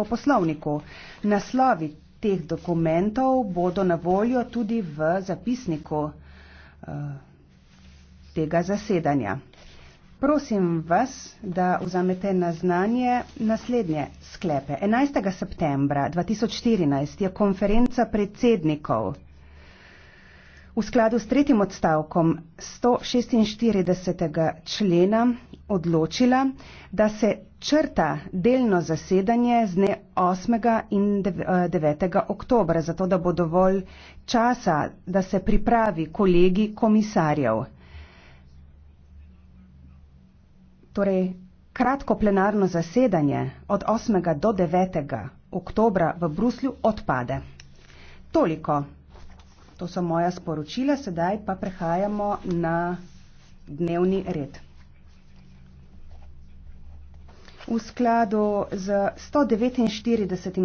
po poslovniku. Naslovi teh dokumentov bodo na voljo tudi v zapisniku uh, tega zasedanja. Prosim vas, da vzamete na znanje naslednje sklepe. 11. septembra 2014 je konferenca predsednikov V skladu s tretjim odstavkom 146. člena odločila, da se črta delno zasedanje z dne 8. in 9. Eh, oktober, zato da bo dovolj časa, da se pripravi kolegi komisarjev. Torej, kratko plenarno zasedanje od 8. do 9. oktobra v Bruslju odpade. Toliko. To so moja sporočila, sedaj pa prehajamo na dnevni red. V skladu z 149.